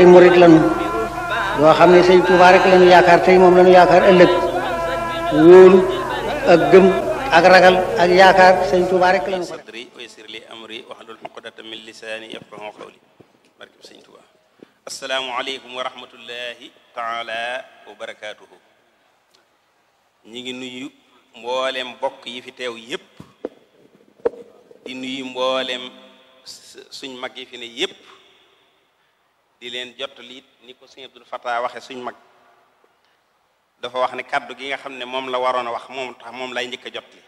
ay murit lañu yoo xam ne sëñ Tuubaa rek lañu yaakaar tey moom lañu yaakaar ëllëg wóolu ak gëm ak ragal ak yaakaar sëñ Tuubaa rek lañu ko sadri wa yassir li amri wahlul uqdatan min lisaani yafqahu qawli barkeb sëñ Tuubaa assalaamu aleykum wa rahmatullahi taala wa barakaatuhu ñi ngi nuyu mboolem mbokk yi fi teew yépp di nuyu mboolem suñ mag yi fi ne yépp di leen jottali it ni ko sëñ Abdul Fatah, waxe suñ mag dafa wax ne kaddu gi nga ne moom la waron a wax moom tax moom lay njëkk jottali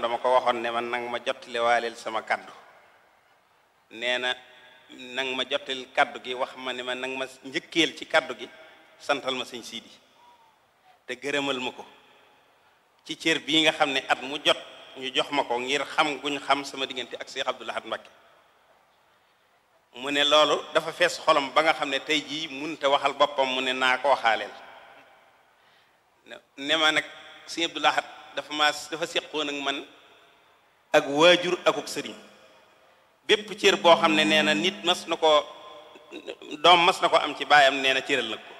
dama ko ne man nang ma jottali waaleel sama kaddu nee na nang ma jottali kaddu gi wax ma ne ma nang ma njëkkeel ci kaddu gi santal ma sëñ siidi te gërëmal ma ci cër bii nga xam ne at mu jot ñu jox ma ko ngir xam guñ xam sama diggante ak Cheikh Abdoul Ahad mu ne loolu dafa fees xolom ba nga xam ne tey jii munta waxal boppam mu ne naa ko waxaaleel ne ma nag sëñ Abdou Lahad dafa ma dafa seqoon ak man ak waajur akuk sëriñ bépp cër boo xam ne nee na nit mas na ko doom mas na ko am ci baayam nee na cëral nag ko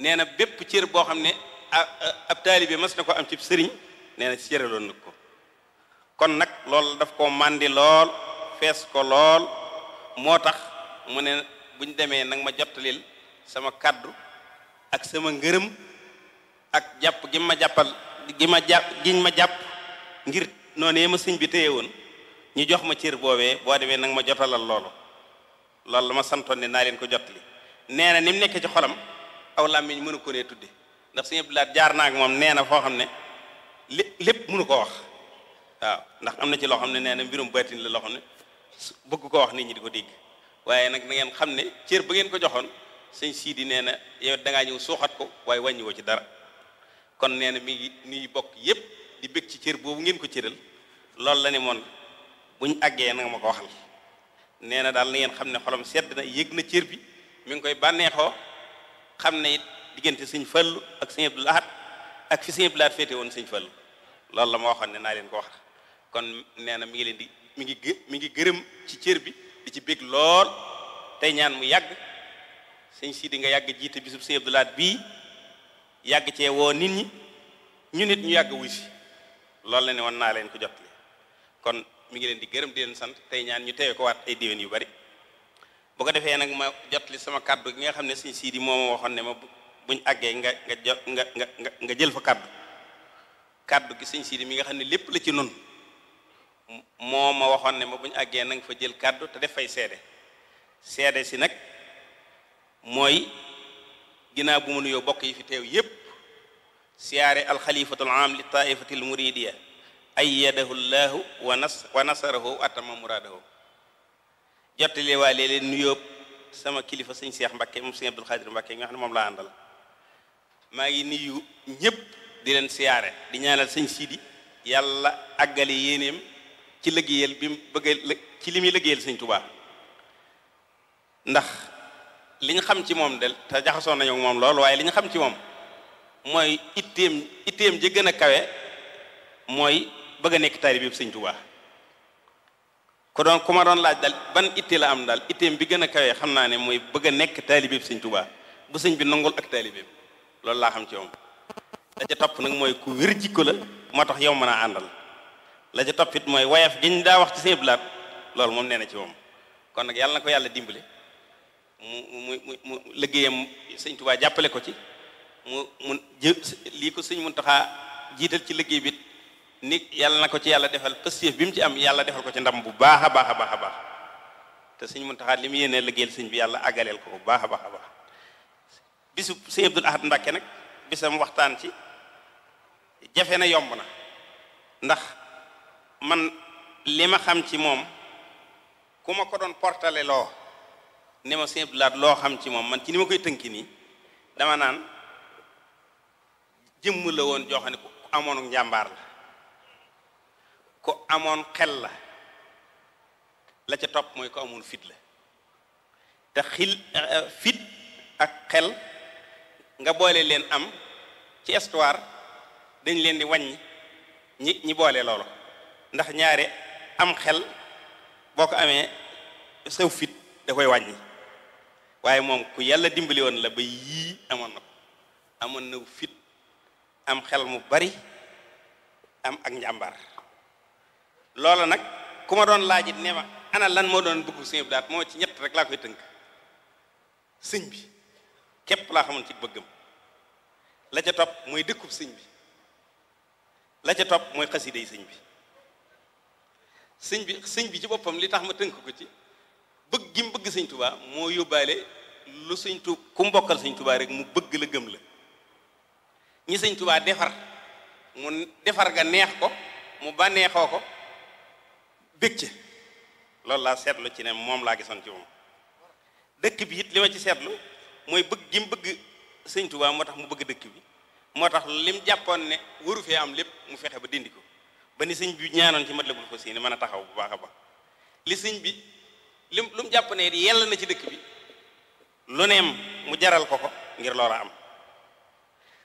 nee na bépp cër boo xam ne ab taalibe mas na ko am cib sëriñ nee na cëraloon nag ko kon nag loolu daf ko màndi lool fees ko lool moo tax mu ne buñ demee nang ma jottalil sama kàddu ak sama ngërëm ak jàpp gi ma jàppal gi ma jàpp giñ ma jàpp ngir noonee ma sëñ bi téye woon ñu jox ma cër boobe boo demee nag ma jotalal loolu loolu la ma santoon ne naa leen ko jottali nee na ni mu nekk ci xolam aw làmmiñ mënu ko nee tudde ndax sëñ Abdou jaar naa ak moom nee na foo xam ne lépp mënu ko wax waaw ndax am na ci loo xam ne nee na mbirum baatin la loo xam ne bëgg ko wax nit ñi di ko dégg waaye nag na ngeen xam ne cër ba ngeen ko joxoon sëñ siidi nee na yow dangaa ñëw suuxat ko waaye wàññiwoo ci dara kon nee na mi ngi bokk yépp di bëgg ci cër boobu ngeen ko cëral loolu la ne moon buñ àggee na ma ko waxal nee na daal na ngeen xam ne xolam sedd na yëg na cër bi mi ngi koy bànneexoo xam ne it diggante sëñ Fallu ak sëñ Abdul ak fi sëñ Abdul Ahad féete woon sëñ Fallu loolu la ma waxoon ne naa leen ko wax kon nee na mi ngi leen di mu ngi mi ngi gërëm ci cër bi di ci bég lool tey ñaan mu yàgg sëñ Sidi nga yàgg jiite bisub sëñ Abdou Lahad bii yàgg cee woo nit ñi ñu nit ñu yàgg wuy si loolu la ne woon naa leen ko jot kon mu ngi leen di gërëm di leen sant tey ñaan ñu teewe ko waat ay déwén yu bari bu ko defee nag ma jot li sama kàddu gi nga xam ne sëñ Sidi moom ma waxoon ne ma buñ àggee nga nga jo nga nga nga jël fa kàddu kàddu gi sëñ Sidi mi nga xam ne lépp la ci noonu moom ma waxoon ne ma bu ñu àggee na fa jël kàddu te def fay seede seede si nag mooy ginnaaw bu mu nuyoo bokk yi fi teew yépp siyaare alxalifatul am li taifatil muridiya ayyadahu wa nas wa nasarahu atama muraadahu jottali waa léeg-léeg nuyoo sama kilifa sëñ Seex Mbakke moom sëñ Abdul Xaadir Mbakke ne moom laa àndal maa ngi nuyu ñëpp di leen siyaare di ñaanal sëñ Sidi yàlla àggale yéeneem ci liggéeyal bi mu bëgg ci li muy liggéeyal sëñ Tuubaa ndax li ñu xam ci moom del te jaxasoo nañu moom lool waaye liñ xam ci moom mooy itteem itteem ji gën a kawe mooy bëgg a nekk taalibe bi sëñ Tuubaa ku doon ku ma doon laaj daal ban itte la am daal itteem bi gën a kawe xam naa ne mooy bëgg a nekk taalibe bi sëñ Tuubaa bu sëñ bi nangul ak taalibe loolu laa xam ci moom da topp nag mooy ku wér jikko la moo tax yow mën a àndal la ca toppit mooy woyaf giñ daa wax ci seen blaat loolu moom nee na ci moom kon nag yàlla na ko yàlla dimbale mu mu mu mu liggéeyam sëñ jàppale ko ci mu mun jë lii ko sëñ Muntaxa jiital ci liggéey bi ni yàlla na ko ci yàlla defal pëstéef bi mu ci am yàlla defal ko ci ndam bu baax a baax a baax a baax te sëñ Muntaxa li mu yéenee liggéeyal sëñ bi yàlla àggaleel ko bu baax a baax a baax bisu sëñ Abdul Ahad Mbàkke nag bisam waxtaan ci jafe na yomb na man li ma xam ci moom ku ma ko doon portale loo ne ma sëñ loo xam ci moom man ci ni ma koy tënki nii dama naan jëmm la woon joxane xam ne ku amoon njàmbaar la ku amoon xel la la ca topp mooy ko amoon fit la te xil euh, fit ak xel nga boole leen am ci histoire dañ leen di waññi ñi ñi boole loolo ndax ñaare am xel boo ko amee saw fit da koy wàññi waaye moom ku yàlla dimbali woon la ba yii amoon na ko amoon na fit am xel mu bari am ak njàmbaar loola nag ku ma doon laajit ne ma ana lan moo doon bëggu sëñ bi daat moo ci ñett rek laa koy tënk sëñ bi képp laa xamoon ci bëggam la ca topp mooy dëkkub sëñ bi la ca topp mooy xasida yi sëñ bi sëñ bi sëñ bi ci boppam li tax ma tënk ko ci bëgg gi bëgg sëñ tubaa moo yóbbaale lu sëñ tu ku mbokkal sëñ tubaa rek mu bëgg la gëm la ñi sëñ tubaa defar mu defar ga neex ko mu bànneexoo ko bég ci loolu laa seetlu ci ne moom laa gisoon ci moom dëkk bi it li ma ci seetlu mooy bëgg gi bëgg sëñ tubaa moo tax mu bëgg dëkk bi moo tax lim jàppoon ne waru fee am lépp mu fexe ba dindi ko ba ni sëñ bi ñaanoon ci matlabul ko si ni man a taxaw bu baax a baax li sëñ bi lim lu mu jàpp ne yell na ci dëkk bi lu neem mu jaral ko ko ngir loola am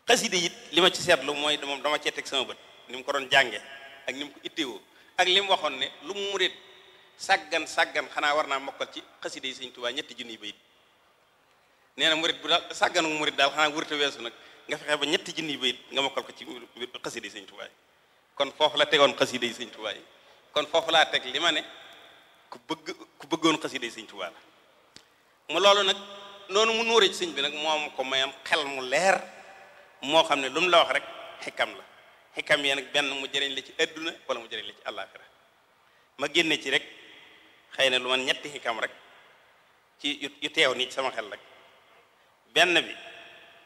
xasida it li ma ci seetlu mooy moom dama cee teg sama bët ni mu ko doon jànge ak ni ko itteewoo ak li mu waxoon ne lu mu murit sàggan sàggan xanaa war naa mokkal ci xasida yi sëñ Tuubaa ñetti junniy bayit na murit bu daal sàgganu murit daal xanaa wërta weesu nag nga fexe ba ñetti junniy bayit nga mokkal ko ci xasida yi sëñ Tuubaa kon foofu la tegoon xasida yi sëñ Tuubaa yi kon foofu laa teg li ma ne ku bëgg ku bëggoon xasida yi sëñ Tuubaa la mu loolu nag noonu mu nuuree ci sëñ bi nag moom ko mayam xel mu leer moo xam ne lu mu la wax rek xikam la xikam yee nag benn mu jëriñ la ci adduna wala mu jëriñ la ci àllaaxira ma génne ci rek xëy na lu man ñetti xikam rek ci yu teew nii ci sama xel rek benn bi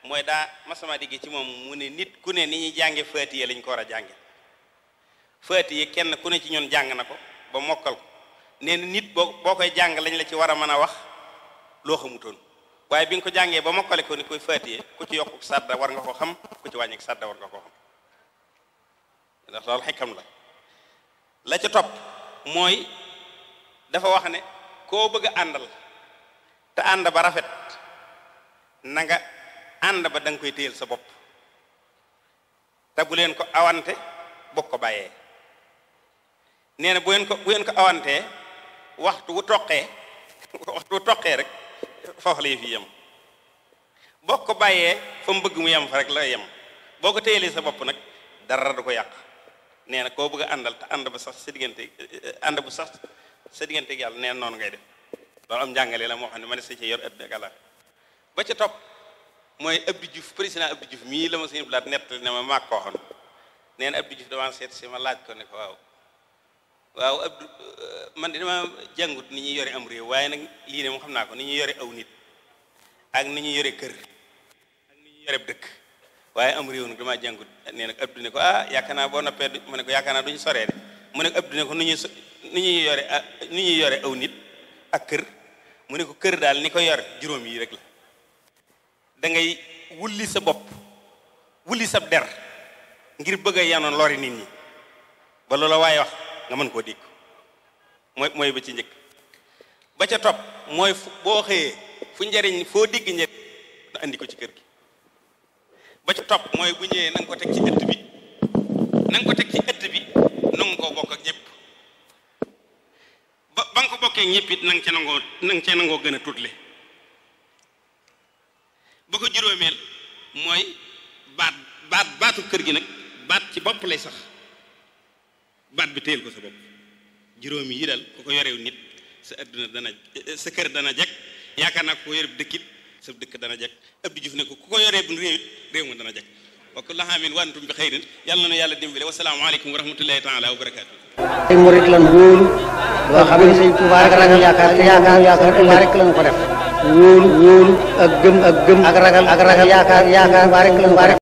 mooy daa ma sama digg ci moom mu ne nit ku ne ni ñuy jànge faatiya lañ ko war a jànge feti yi kenn ku ne ci ñun jàng na ko ba mokkal ko nee na nit boo boo koy jàng lañ la ci war a mën a wax loo xamutoon waaye bi nga ko jàngee ba mokkale ko ni koy faati yi ku ci yokku sadda war nga ko xam ku ci wàññi sadda war nga ko xam ndax loolu xikam la la ca topp mooy dafa wax ne koo bëgg andal àndal te ànd ba rafet na nga ànd ba da nga koy téyel sa bopp te bu leen ko awante bokk ko bàyyee nee na bu ngeen ko bu ngeen ko awantee waxtu wu toqee waxtu wu toqee rek foofu la fi yem boo ko bàyyee fa mu bëgg mu yam fa rek yem boo ko téyelee sa bopp nag dara du ko yàq neen na koo bëgg àndal te ànd ba sax sa diggante bu sax sa diggante ak yàlla nee noonu ngay def loolu am njàngale la moo xam ne ma ne sa ci yor ëdd gala ba ca topp mooy juf Diouf président Abdou juf mii la ma sëñ Blaat nettali ne ma maag koo xam nee na Abdou Diouf damaa seet si ma laaj ko ne ko waaw waaw ab euh, man de dama jàngut ni ñuy yore am réew waaye nag lii ne xam naa ko ni ñuy yore aw nit ak ni ñuy yore kër ak ni ñuy yore dëkk waaye am réew nag dama jàngut nee nag abdu ne ko ah yaakaar naa boo noppee mu ne ko yaakaar naa duñu soree de mu ne ko abdu ne ko nu ñuy ni ñuy yore ah, ni ñuy yore aw nit ak kër mu ne ko kër daal ni ko yore juróom yi rek la da wulli sa bopp wulli sa der ngir bëgg a yanoon lori nit ñi ba loola waaye wax nga man ko dégg moy moy ba ci njëkk ba ca top moy bo xé fu njariñ fo dégg njariñ na andi ko ci kër gi ba ca top moy bu ñëwee nang ko tek ci ëtt bi nang ko tek ci ëtt bi nang ko bokk ak ñëpp ba bang ko bokké ñëpp it nang ci nango nang ci nango gëna tutlé bu ko juróomeel moy baat baat baatu kër gi nak baat ci bop lay sax baat bi téyel ko sa bopp juróomi yi dal ku ko yorew nit sa adduna dana sa kër dana jag yaakaar na ko yore dëkkit sa dëkk dana jag Abdou Diouf ne ko ku ko yoree bu réew it réew ma dana jag wa kullu aamin wa antum bi xayrin yàlla na yàlla dimbale wa salaamu aleykum wa rahmatullahi taala wa barakaatu ay murit lan wóolu loo xam ne sëñ Tuubaa ko def wóolu wóolu